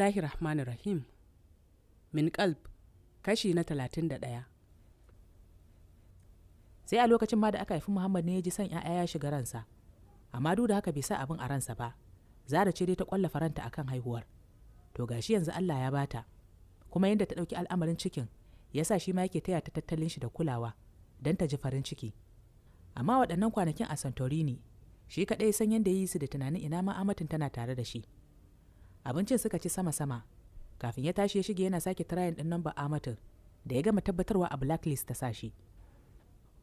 bismillahir rahmanir rahim min kalb kashi na talatin sai a lokacin ma da aka haifi muhammad ne ya ji son ‘ya'ya ya shiga ransa amma duk da haka bai sa abin a ransa ba zara ce dai ta kwalla faranta akan haihuwar to gashi yanzu allah ya bata kuma yadda ta dauki al'amarin cikin ya sa shi ma yake taya ta tattalin shi da kulawa don ta ji farin ciki amma waɗannan kwanakin a santorini shi kaɗai san yadda ya yi su da tunanin ina ma amatin tana tare da shi abincin suka ci sama-sama kafin ya tashi ya shige yana sake tirayin ɗin namba amatin da ya gama tabbatarwa a blacklist ta sashi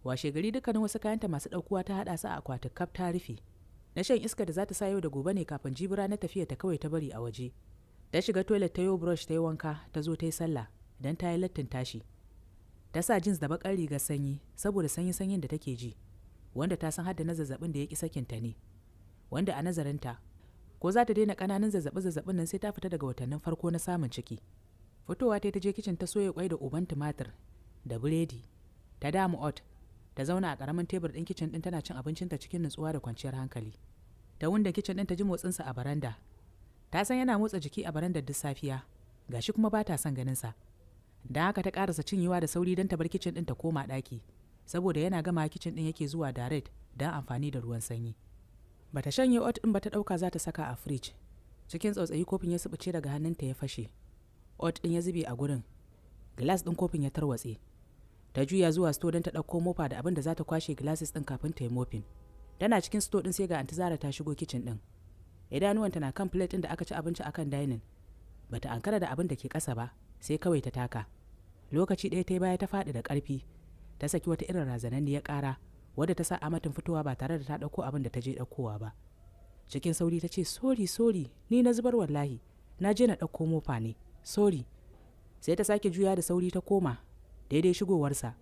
washe gari dukkanin wasu kayanta masu ɗaukuwa ta haɗa su a akwatin kaf ta rufe na shan iska da za ta sa yau da gobe ne kafin jibira na tafiya ta kawai ta bari a waje ta shiga toilet ta yo brush ta yi wanka ta zo ta yi sallah idan ta yi lattin tashi ta sa jeans da bakar rigar sanyi saboda sanyi sanyin da take ji wanda ta san hadda na zazzabin da ya ki sakinta ne wanda a nazarinta ko za ta daina ƙananan zazzabi zazzabin nan sai ta fita daga watannin farko na samun ciki fitowa ta ta je kicin ta soya kwai da uban tumatir da biredi ta damu ot ta zauna a karamin tebur ɗin kicin ɗin tana cin abincin ta cikin nutsuwa da kwanciyar hankali ta wunda kicin ɗin ta ji motsin sa a baranda ta san yana motsa jiki a barandar duk safiya gashi kuma ba ta son ganinsa da haka ta karasa cinyewa da sauri don ta bar kicin ɗin ta koma ɗaki saboda yana gama kicin ɗin yake zuwa direct don amfani da ruwan sanyi bata shanye ot din bata dauka za ta saka a fridge cikin tsautsayi kofin ya subuce daga hannunta ya fashe ot din ya zube a gurin glass din kofin ya tarwatse ta juya zuwa sto don ta dauko mofa da abin da za ta kwashe glasses din kafin ta yi mofin tana cikin sto din sai ga anti zara ta shigo kicin din idanuwanta na kan plate din da aka ci abinci akan dining bata ankara da abin da ke kasa ba sai kawai ta taka lokaci ɗaya ta baya ta faɗi da ƙarfi ta saki wata irin ya ƙara wadda ta sa amatin fitowa ba tare da ta ɗauko abin da ta je ɗaukowa ba cikin sauri ta ce sori sori ni na zubar wallahi na je na ɗauko mofa ne sori sai ta sake juya da sauri ta koma daidai shigowarsa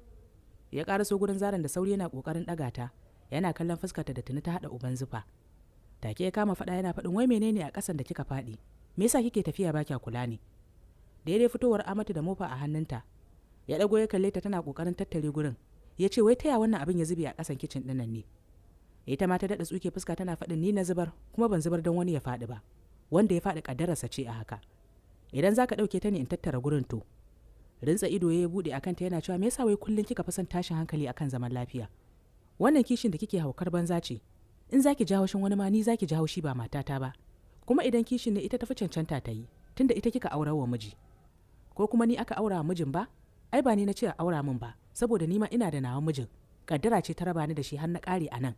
ya ƙaraso gurin zaren da sauri yana ƙoƙarin ɗaga ta yana kallon fuskarta da tuni ta haɗa uban zufa take ya kama faɗa yana faɗin wai menene a kasan da kika faɗi me yasa kike tafiya ba kya kula ne daidai fitowar amatu da mofa a hannunta ya ɗago ya kalle ta tana ƙoƙarin tattare gurin ya ce wai taya wannan abin ya zube a kasan kicin ɗinnan ne ita ma ta daɗa tsuke fuska tana faɗin ni na zubar kuma ban zubar don wani ya faɗi ba wanda ya faɗi ƙaddararsa ce a haka idan za ka ɗauke ta ne in tattara gurin to rintsa ido ya buɗe a kanta yana cewa me yasa wai kullum kika fi son tashin hankali akan zaman lafiya wannan kishin da kike haukar banza ce in zaki ki ja haushin wani ma ni za ki ja haushi ba matata ba kuma idan kishin ne ita tafi cancanta ta yi tunda ita kika aura wa miji ko kuma ni aka aura mijin ba ai ba ni na ce aura min ba saboda nima ina da nawa mijin kaddara ce ta raba ni da shi har na kare a nan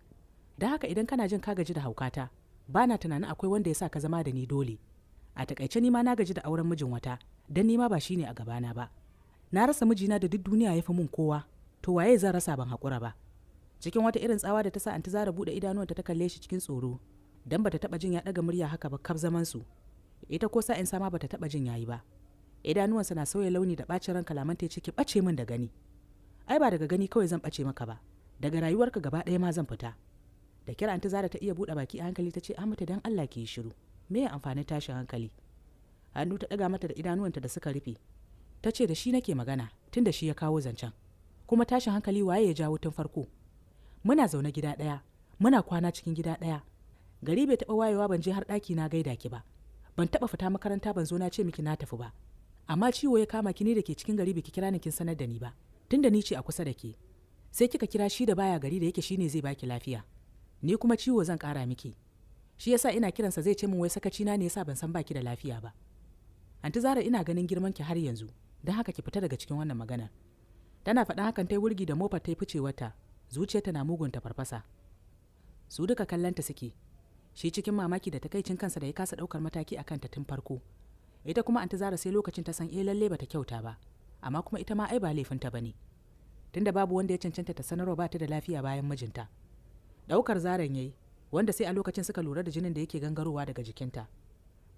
da haka idan kana jin ka gaji da haukata ba na tunanin akwai wanda ya sa ka zama da ni dole a takaice nima na gaji da auren mijin wata don nima ba shi ne a gabana ba na rasa mijina da duk duniya ya fi mun kowa to waye zan rasa ban hakura ba cikin wata irin tsawa da ta sa anti zara buɗe idanuwanta ta kalle shi cikin tsoro dan bata taba jin ya daga murya haka ba kaf zaman su ita ko sa'in sama bata taba jin yayi ba idanuwansa na sauya launi da bacin ran kalamanta ya ce ki bace min da gani ai ba daga gani kawai zan ɓace maka ba daga rayuwarka gaba ɗaya ma zan fita da kira anta zara ta iya buɗe baki a hankali ta ce mata dan Allah ki yi shiru me ya amfanin tashin hankali hannu ta ɗaga mata da idanuwanta da suka rufe ta ce da shi nake magana tun da shi ya kawo zancen kuma tashin hankali waye ya jawo tun farko muna zaune gida ɗaya muna kwana cikin gida ɗaya gari bai taɓa wayewa ban je har ɗaki na gaida ki ba ban taɓa fita makaranta ban zo na ce miki na tafi ba amma ciwo ya kama ki ne da ke cikin gari biki kira ni kin sanar da ni ba Tun da ni ce a kusa da ke sai kika kira shi da baya gari da yake shi ne zai baki lafiya ni kuma ciwo zan kara miki shi yasa ina kiransa zai ce min wai sakacina ne yasa ban san baki da lafiya ba anti zara ina ganin girman ki har yanzu don haka ki fita daga cikin wannan maganar tana faɗa hakan tai wurgi da mofar ta yi ficewarta zuciyarta na mugunta farfasa su duka kallanta suke shi cikin mamaki da takaicin kansa da ya kasa ɗaukar mataki akan ta tun farko ita kuma anti zara sai lokacin ta san eh lalle bata kyauta ba amma kuma ita ma ai ba laifinta ba ne tunda babu wanda ya cancanta ta sanarwa ba ta da lafiya bayan mijinta ɗaukar zaren yayi wanda sai a lokacin suka lura da jinin da yake gangarowa daga jikinta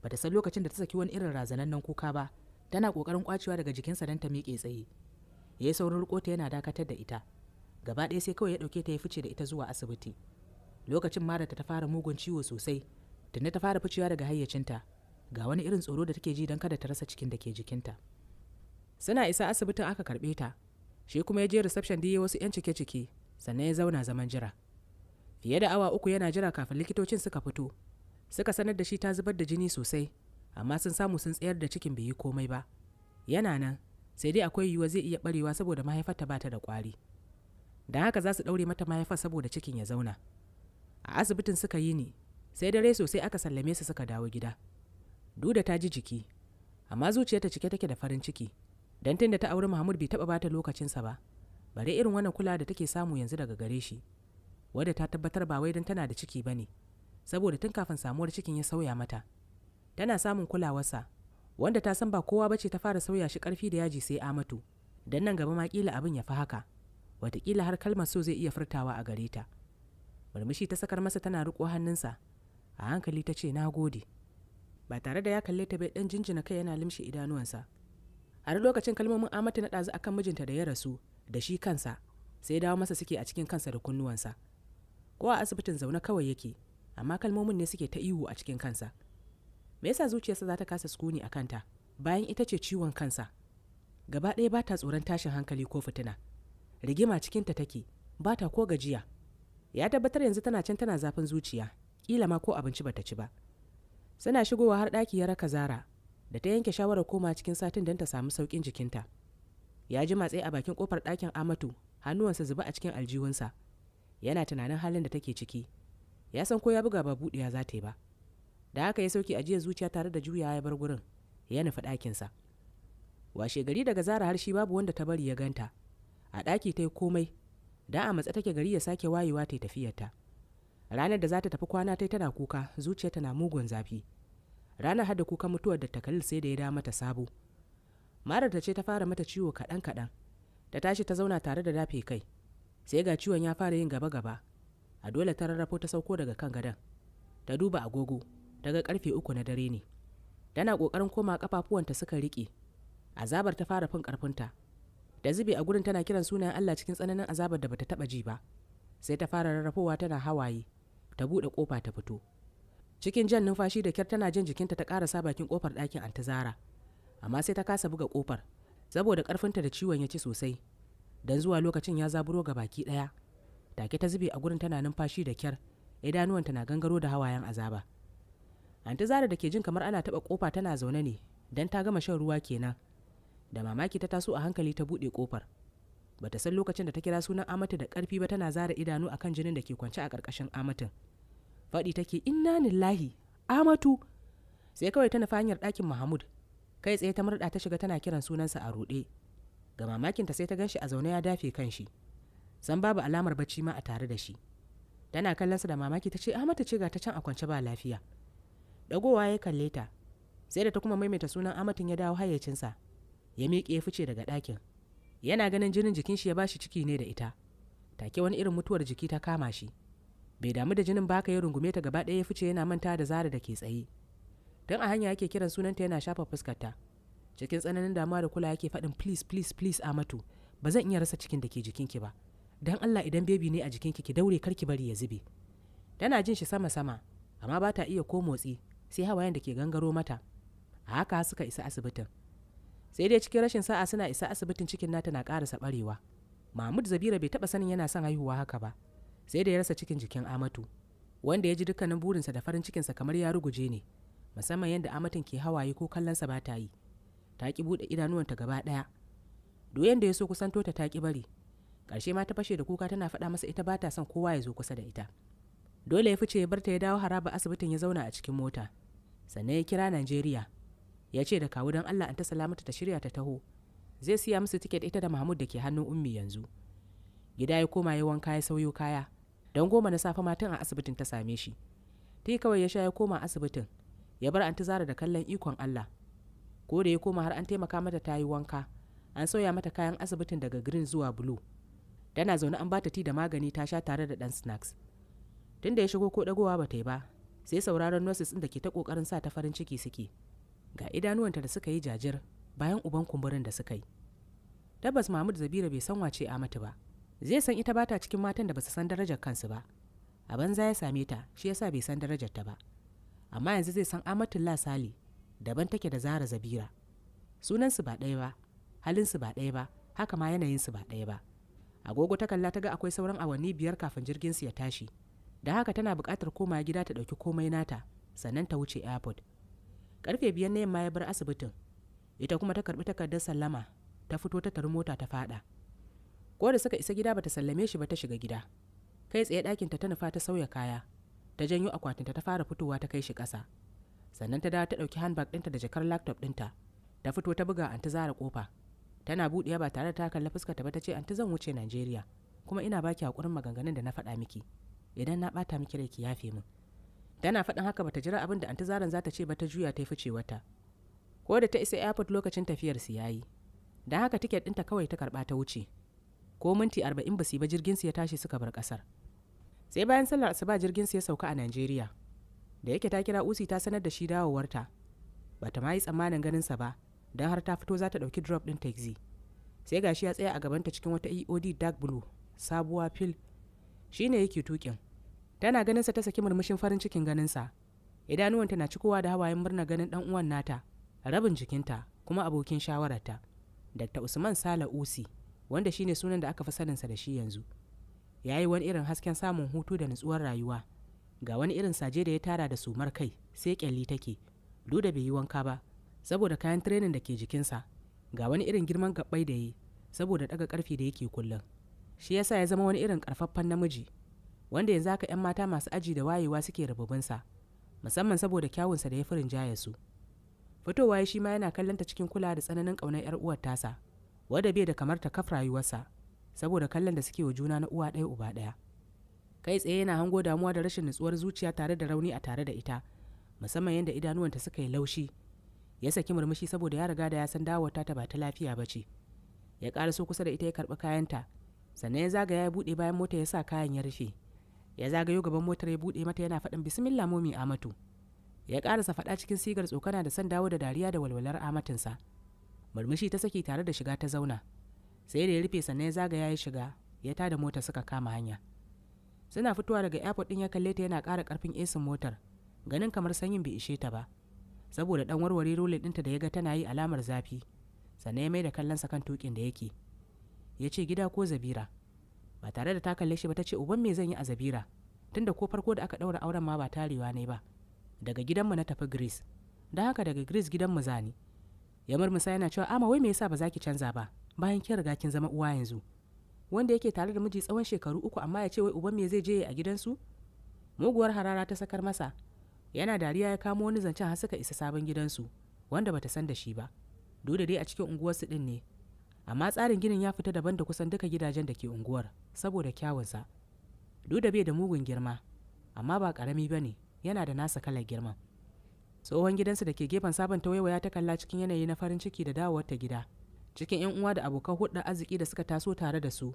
ba ta san lokacin da ta saki wani irin razanannen kuka ba tana ƙoƙarin kwacewa daga jikinsa don ta miƙe tsaye ya yi saurin rukota yana dakatar da ita gaba ɗaya sai kawai ya ɗauke ta ya fice da ita zuwa asibiti lokacin ma da ta fara mugun ciwo sosai tunda ta fara ficewa daga hayyacinta ga wani irin tsoro da take ji don kada ta rasa cikin da ke jikinta suna isa asibitin aka karɓe ta shi kuma ya je reception da wasu 'yan cike-cike sannan ya zauna zaman jira fiye da awa uku yana jira kafin likitocin suka fito suka sanar da shi ta zubar da jini sosai amma sun samu sun tsayar da cikin bai yi komai ba yana nan sai dai akwai yiwuwa zai iya barewa saboda mahaifarta ba ta da kwari da haka za su ɗaure mata mahaifar saboda cikin ya zauna a asibitin suka yi ni sai dare sosai aka sallame su suka dawo gida duda ta ji jiki amma zuciyarta cike take da farin ciki Don tun da ta auri mahmud bai taɓa bata lokacinsa ba bare irin wannan kula da take samu yanzu daga gare shi wadda ta tabbatar ba wai don tana da ciki ba ne saboda tun kafin samuwar cikin ya sauya mata tana samun kulawarsa wanda ta san ba kowa ba ce ta fara sauya shi karfi da yaji sai amatu Don nan gaba ma kila abin ya fi haka Wataƙila har kalmar so zai iya furtawa a gare ta murmushi ta sakar masa tana riƙo hannunsa a hankali ta ce na gode ba tare da ya kalle ta bai ɗan jinjina kai yana limshe idanuwansa a duk lokacin kalmomin amata na ɗazu akan mijinta da ya rasu da shi kansa sai dawo masa suke a cikin kansa da kunnuwansa ko a asibitin zaune kawai yake amma kalmomin ne suke ta ihu a cikin kansa me yasa zuciyarsa za ta kasa sukuni a kanta bayan ita ce ciwon kansa gaba ɗaya ba ta tsoron tashin hankali ko fitina rigima cikinta take ba ta ko gajiya ya tabbatar yanzu tana can tana zafin zuciya kila ma ko abinci bata ci ba suna shigowa har ɗaki ya raka zara da ta yanke shawarar koma cikin satin don ta samu sauƙin jikinta ya ji matsayi a bakin kofar ɗakin amatu hannuwansa zuba a cikin aljihunsa yana tunanin halin da take ciki ya san ko ya buga ba buɗiya za ta yi ba da haka ya sauki ajiyar zuciya tare da juya ya bar gurin ya nufi ɗakinsa washe gari daga zara har shi babu wanda ta bari ya ganta a ɗaki ta yi komai da a matsa take gari ya sake wayewa ta tafiyarta ranar da za ta tafi kwana ta tana kuka zuciyarta na mugun zafi ranar hada kuka mutuwar da takalil sai da ya da mata sabo marar ta ce ta fara mata ciwo kaɗan kaɗan ta tashi ta zauna tare da dafe kai sai ga ciwon ya fara yin gaba gaba a dole ta rarrafo ta sauko daga kan gadon ta duba agogo daga karfe uku na dare ne tana kokarin koma kafafuwanta suka riƙe azabar ta fara fin karfinta da zube a gurin tana kiran sunayen Allah cikin tsananin azabar da bata taba ji ba sai ta fara rarrafowa tana hawaye ta buɗe kofa ta fito cikin jan numfashi da kyar tana jin jikinta ta karasa bakin kofar ɗakin antazara amma sai ta kasa buga kofar saboda karfinta da ciwon ya ci sosai dan zuwa lokacin ya zaburo ga baki ɗaya take ta zube a gurin tana numfashi da kyar idanuwanta na gangaro da hawayen azaba antazara da ke jin kamar ana taɓa kofa tana zaune ne dan ta gama shan ruwa kenan da mamaki ta taso a hankali ta buɗe kofar bata san lokacin da ta kira sunan amatu da ƙarfi ba tana zara idanu akan jinin da ke kwance a ƙarƙashin amatin faɗi take inna lillahi amatu sai kawai ta nufa hanyar ɗakin mahamud kai tsaye ta murɗa ta shiga tana kiran sunansa a ruɗe ga mamakinta sai ta ganshi a zaune ya dafe kan shi san babu alamar bacci ma a tare da shi tana kallonsa da mamaki ta ce amata ce ga ta can a kwance ba lafiya dagowa ya kalle ta sai da ta kuma maimaita sunan amatin ya dawo hayyacinsa ya miƙe ya fice daga ɗakin yana ganin jinin jikin shi ya bashi ciki ne da ita take wani irin mutuwar jiki ta kama shi bai damu da jinin baka ya rungume ta gaba ɗaya ya fice yana manta da zara da ke tsaye don a hanya yake kiran sunanta yana shafa fuskarta cikin tsananin damuwa da kula yake faɗin please please please amatu ba zan iya rasa cikin da ke jikinki ba don allah idan bebi ne a jikinki ki daure karki bari ya zube tana jin shi sama sama amma ba ta iya ko motsi sai hawayen da ke gangaro mata a haka suka isa asibitin sai dai cikin rashin sa'a suna isa asibitin cikin nata na ƙarasa barewa mahmud zabira bai taɓa sanin yana son haihuwa haka ba sai da ya rasa cikin jikin amatu wanda ya ji dukkanin burinsa da farin cikinsa kamar ya ruguje ne musamman yadda amatin ke hawaye ko kallonsa ba ta yi ta ki buɗe idanuwanta gaba ɗaya doyen da ya so kusanto ta ta ki bari ƙarshe ma ta fashe da kuka tana faɗa masa ita ba ta son kowa ya zo kusa da ita dole ya fice ya bar ta ya dawo haraba asibitin ya zauna a cikin mota sannan ya kira najeriya ya ce da kawu don allah an ta salamata ta shirya ta taho zai siya musu tiket ita da mahmud da ke hannun ummi yanzu gida ya koma ya wanka ya sauyo kaya don goma na safe matan a asibitin ta same shi ta kawai ya sha ya koma asibitin ya bar anti zara da kallon ikon allah ko da ya koma har an taimaka mata ta yi wanka an sauya mata kayan asibitin daga green zuwa blue tana zaune an bata ti da magani ta sha tare da dan snacks Tunda ya shigo ko dagowa ba ta yi ba sai sauraron nurses ɗin da ke ta kokarin sa ta farin ciki suke ga idanuwanta da suka yi jajir bayan uban kumburin da suka yi tabbas mahmud zabira bai san wace mata ba zai san ita bata cikin matan da basu san darajar kansu ba a banza ya same ta shi yasa bai san darajar ta ba amma yanzu zai san amatullah sali daban take da zara zabira sunansu ba ɗaya ba halin su ba ɗaya ba haka ma yanayin su ba ɗaya ba agogo ta kalla ta ga akwai sauran awanni biyar kafin jirgin su ya tashi da haka tana buƙatar koma gida ta ɗauki komai nata sannan ta wuce airport karfe biyan na yamma ya bar asibitin ita kuma ta karɓi takardar sallama ta fito ta tari mota ta faɗa ko da suka isa gida bata sallame shi ba ta shiga gida kai tsaye ɗakinta ta nufa ta sauya kaya ta janyo akwatinta ta fara fitowa ta kai shi ƙasa sannan ta dawo ta ɗauki handbag ɗinta da jakar laptop ɗinta ta fito ta buga an ta zara ƙofa tana buɗewa ba tare da ta kalla fuskar ta ba ta ce an zan wuce Najeriya kuma ina baki hakurin maganganun da na faɗa miki idan na ɓata miki rai ki yafe min tana faɗin haka bata jira abin da an ta zaran za ta ce ba ta juya ta fice wata ko da ta isa airport lokacin tafiyar su yayi da haka tiket ɗinta kawai ta karɓa ta wuce ko minti arba'in ba su ba jirgin su ya tashi suka bar kasar sai bayan sallar asuba jirgin su ya sauka a najeriya da yake ta kira usi ta sanar da shi dawowarta ba ta ma yi tsammanin ganinsa ba don har ta fito za ta ɗauki drop ɗin taxi sai gashi ya tsaya a gabanta cikin wata eod dark blue sabuwa fil shi ne yake tukin tana ganinsa ta saki murmushin farin cikin ganinsa idanuwanta na cikowa da hawayen murna ganin ɗan uwan nata rabin jikinta kuma abokin shawararta dr usman sala usi wanda shine sunan da aka fi saninsa da shi yanzu ya yi wani irin hasken samun hutu da nutsuwar rayuwa ga wani irin saje da ya tara da sumar kai sai kyalli take duk da bai yi wanka ba saboda kayan trenin da ke jikinsa ga wani irin girman gabbai da yi saboda daga karfi da yake kullum shi yasa ya zama wani irin karfaffen namiji wanda yanzu haka 'yan mata masu aji da wayewa suke rububinsa musamman saboda kyawunsa da ya furin jaya su fitowa ya shi ma yana kallonta cikin kula da tsananin ƙaunar 'yar uwar tasa wadda bai da kamar ta kaf rayuwarsa saboda kallon da suke wa juna na uwa ɗaya uba ɗaya kai tsaye yana hango damuwa da rashin nutsuwar zuciya tare da rauni a tare da ita musamman yadda idanuwanta suka yi laushi ya saki murmushi saboda ya riga da ya san dawowarta ta ba ta lafiya ba ce ya ƙara so kusa da ita ya karɓi kayanta sannan ya zagaya ya buɗe bayan mota ya sa kayan ya rufe ya zagayo gaban motar ya buɗe mata yana faɗin bismillah momi amatu ya ƙarasa faɗa cikin sigar tsokana da son dawo da dariya da walwalar amatinsa. murmushi ta saki tare da shiga ta zauna sai da ya rufe sannan ya zagaya ya shiga ya tada mota suka kama hanya suna fitowa daga airport din ya kalle ta yana ƙara ƙarfin esin motar ganin kamar sanyin bai ishe ta ba saboda dan warware rolin ɗinta da ya ga tana yi alamar zafi sannan ya mai da kallonsa kan tukin da yake ya ce gida ko zabira ba tare da ta kalle shi ba ta ce uban me zan yi a zabira tunda ko farko da aka ɗaura auren ma ba tarewa ne ba daga gidanmu na tafi greece don haka daga greece gidanmu zani ya murmusa yana cewa ama wai me yasa ba za ki canza ba bayan kin riga kin zama uwa yanzu wanda yake tare da miji tsawon shekaru uku amma ya ce wai uban me zai je a gidansu muguwar harara ta sakar masa yana dariya ya kamo wani zancen har suka isa sabon gidansu wanda bata san da shi ba duk dai a cikin unguwarsu din ne amma tsarin ginin ya fita daban da kusan duka gidajen da ke unguwar saboda kyawunsa duk da bai da mugun girma amma ba karami ba ne yana da nasa kalar girman tsohon gidansu da ke gefen sabon ya ta kalla cikin yanayi na farin ciki da dawowar ta gida cikin yan uwa da abokan hulɗar arziki da suka taso tare da su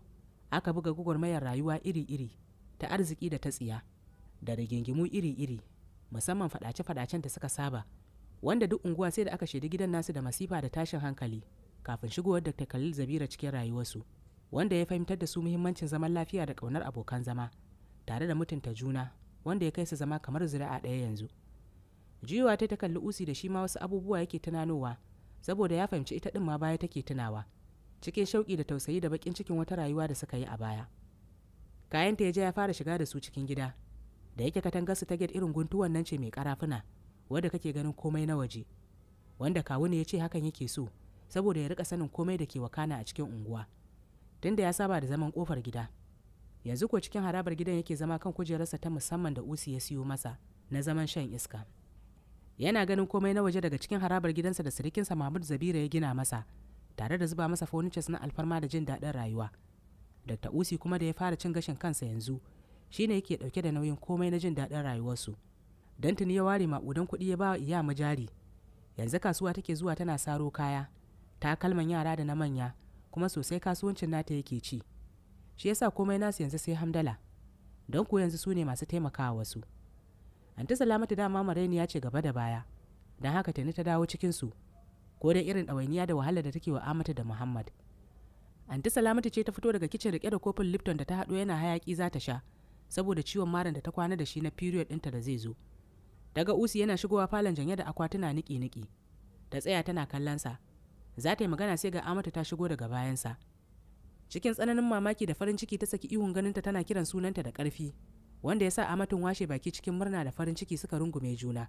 aka buga gwagwarmayar rayuwa iri-iri ta arziki da ta tsiya da rigingimu iri-iri musamman faɗace fadacen da suka saba wanda duk unguwa sai da aka shaidi gidan nasu da masifa da tashin hankali kafin shigowar da ta kalli zabira cikin rayuwarsu wanda ya fahimtar da su muhimmancin zaman lafiya da kaunar abokan zama tare da mutunta juna wanda ya kai su zama kamar zuri'a ɗaya yanzu jiwa ta ta kalli usi da shi ma wasu abubuwa yake tunanowa saboda ya fahimci ita din ma baya take tunawa cikin shauki da tausayi da baƙin cikin wata rayuwa da suka yi a baya kayanta ya je ya fara shiga da su cikin gida da yake katangarsu ta get irin guntuwan nan ce mai karafuna wadda kake ganin komai na waje wanda kawu ne ya ce hakan yake so saboda ya rika sanin komai da ke wakana a cikin unguwa tunda ya saba da zaman kofar gida yanzu ko cikin harabar gidan yake zama kan kujerarsa ta musamman da usi ya siyo masa na zaman shan iska yana ganin komai na waje daga cikin harabar gidansa da sirikinsa mahmud zabira ya gina masa tare da zuba masa furnitures na alfarma da jin daɗin rayuwa dr usi kuma da ya fara cin gashin kansa yanzu shine yake ɗauke da nauyin komai na jin daɗin rayuwarsu don ya ware maƙudan kuɗi ya ba wa iya jari yanzu kasuwa take zuwa tana saro kaya takalman yara da na manya kuma sosai kasuwancin nata yake ci shi yasa komai nasu yanzu sai hamdala don ko yanzu su ne masu taimakawa wasu anta salamatu dama ya ce gaba da baya don haka tani ta dawo cikinsu ko da irin ɗawainiya da wahala da take wa amata da muhammad anta salamatu ce ta fito daga kicin rike da kofin lipton da ta haɗo yana hayaki za ta sha saboda ciwon maran da ta kwana da shi na period ɗinta da zai zo daga usi yana shigowa falon janye da akwatuna niki-niki ta tsaya tana sa za ta yi magana sai ga amata ta shigo daga bayansa cikin tsananin mamaki da farin ciki ta saki ihun ganinta tana kiran sunanta da ƙarfi wanda ya sa amatin washe baki cikin murna da farin ciki suka rungume juna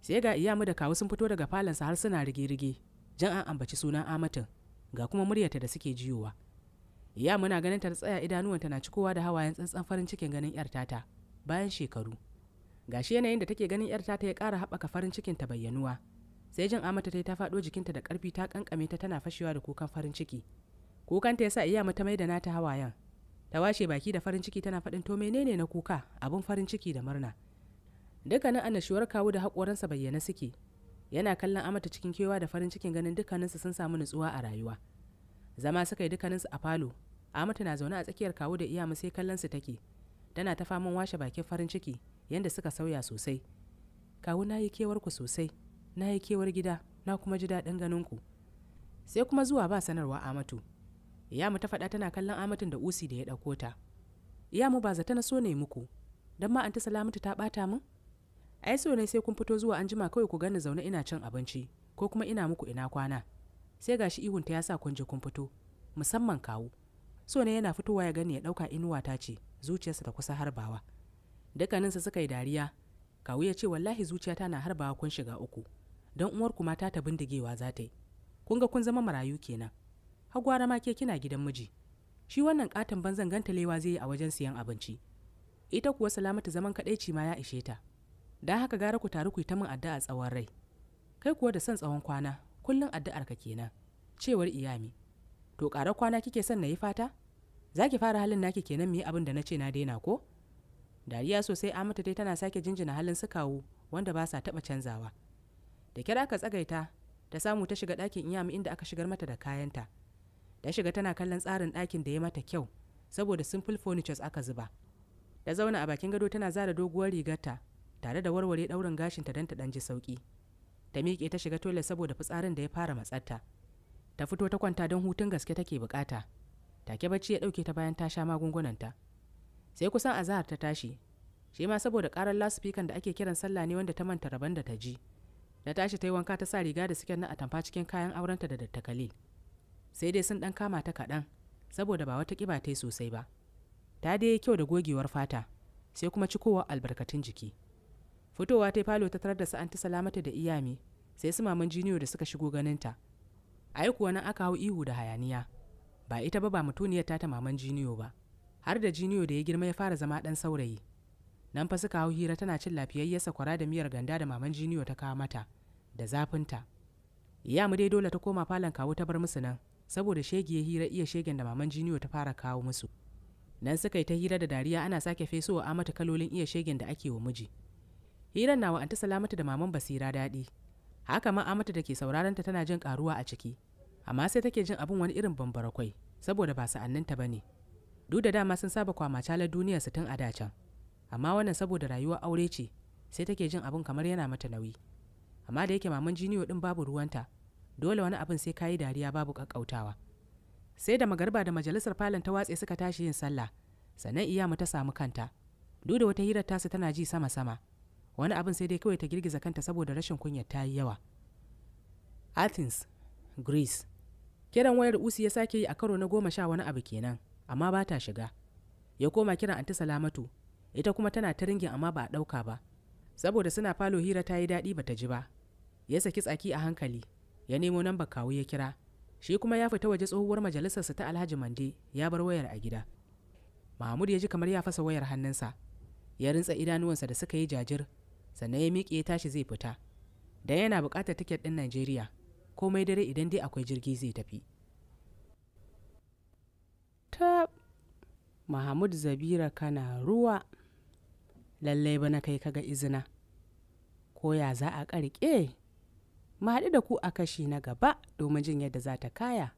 sai ga iyamu da kawu sun fito daga falansa har suna rige-rige jan an ambaci sunan amatin ga kuma muryarta da suke jiyowa iyamu na ganin ta tsaya idanuwanta na cikowa da hawayen tsantsan farin cikin ganin yar tata bayan shekaru gashi yanayin da take ganin yar tata ya kara haɓaka farin cikin ta bayyanuwa sai jin amata ta faɗo jikinta da ƙarfi ta kankame ta tana fashewa da kukan farin ciki kukanta ya sa iya mata mai da nata hawayen ta washe baki da farin ciki tana faɗin to menene na kuka abun farin ciki da murna dukkanin annashuwar kawu da haƙoransa bayyana suke yana kallon amata cikin kewa da farin cikin ganin dukkaninsu sun samu nutsuwa a rayuwa zama suka yi dukkaninsu a falo amata na zaune a tsakiyar kawu da iyamu sai kallonsu take tana ta faman washe bakin farin ciki yadda suka sauya sosai kawu na yi kewar ku sosai na yi kewar gida na kuma ji daɗin ganin ku sai kuma zuwa ba sanarwa amatu mu ta faɗa tana kallon amatin da usi da ya ɗauko ta iyamu ba zata na so ne muku don ma ta salamatu ta ɓata min ai so ne sai kun fito zuwa an jima kawai ku gani zaune ina cin abinci ko kuma ina muku ina kwana sai gashi ihunta ya sa kun je kun fito musamman kawu so ne yana fitowa ya gani ya ɗauka inuwa ta ce zuciyarsa ta kusa harbawa dukkaninsa suka yi dariya kawu ya ce wallahi zuciyata na harbawa kun shiga uku don uwarku mata ta bindigewa za ta yi kun ga kun zama marayu kenan har gwara ma ke kina gidan miji shi wannan katon banzan talewa zai yi a wajen siyan abinci ita kuwa salamatu zaman kadaici ma ya ishe ta da haka gara ku taru ku yi ta min addu'a tsawon rai kai kuwa da son tsawon kwana kullum addu'ar ka kenan cewar iyami to ƙara kwana kike son na yi fata za ki fara halin naki kenan mu yi abin da na ce na daina ko dariya sosai amata dai tana sake jinjina halin su kawo wanda ba sa taɓa canzawa da kira ka tsagaita ta samu ta shiga ɗakin iyami inda aka shigar mata da kayanta ta shiga tana kallon tsarin ɗakin da ya mata kyau saboda simple furnitures aka zuba ta zauna a bakin gado tana zara doguwar rigarta tare da warware ɗaurin gashinta don ta ɗan ji sauƙi ta miƙe ta shiga toilet saboda fitsarin da ya fara matsatta ta fito ta kwanta don hutun gaske take buƙata take bacci ya ɗauke ta bayan ta sha magungunanta sai kusan azahar ta tashi shi ma saboda ƙarar lasifikan da ake kiran sallah ne wanda ta manta rabon da ta ji na tashi ta yi wanka ta sa riga da siken na atamfa cikin kayan aurenta da dattakali sai dai sun ɗan kama ta kaɗan saboda ba wata ƙiba ta yi sosai ba ta dai kyau da gogewar fata sai kuma cikowar albarkatun jiki fitowa ta falo ta tarar da ta salamata da iyami sai su maman jiniyo da suka shigo ganinta ai kuwa nan aka hau ihu da hayaniya ba ita ba ba mutuniyar ta ta maman jiniyo ba har da jiniyo da ya girma ya fara zama ɗan saurayi nan fa suka hau hira tana cin lafiyayya sakwara da miyar ganda da maman jiniyo ta kawo mata da zafinta ya mu dai dole ta koma falon kawo ta bar musu nan saboda shege ya hira iya shegen da maman jiniyo ta fara kawo musu nan suka yi ta hira da dariya ana sake feso wa mata kalolin iya shegen da ake wa miji hiran na wa anta salamatu da maman basira daɗi haka ma amata da ke sauraron ta tana jin karuwa a ciki amma sai take jin abin wani irin bambarakwai saboda ba sa'anninta ba ne duk da dama sun saba kwama calar duniya su tun a dacan amma wannan saboda rayuwar aure ce sai take jin abin kamar yana mata nauyi amma da yake maman jiniyo din babu ruwanta dole wani abin sai kayi dariya babu kakkautawa sai da magarba da majalisar falon ta watse suka tashi yin sallah sannan iyamu ta samu kanta duk da wata hirar tasu tana ji sama sama wani abin sai dai kawai ta girgiza kanta saboda rashin kunyar ta yi yawa athens greece kiran wayar usi ya sake yi a karo na goma sha wani abu kenan amma ba ta shiga ya koma kiran anti salamatu ita kuma tana ta ringin amma ba a ɗauka ba saboda suna falo hira ta yi daɗi ba ta ji ba ya saki tsaki a hankali ya nemo namba kawu ya kira shi kuma ya fita waje tsohuwar majalisarsa ta alhaji mande ya bar wayar a gida mahmud ya ji kamar ya fasa wayar hannunsa ya rintsa idanuwansa da suka yi jajir sannan ya miƙe ya tashi zai fita dan yana buƙatar tiket ɗin najeriya komai dare idan dai akwai jirgi zai tafi ta mahmud zabira kana ruwa lallai bana na kai kaga izina ko ya za a ƙarƙe mu haɗu da ku a kashi na gaba domin jin yadda za ta kaya.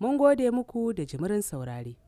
Mun gode muku da jimirin saurari.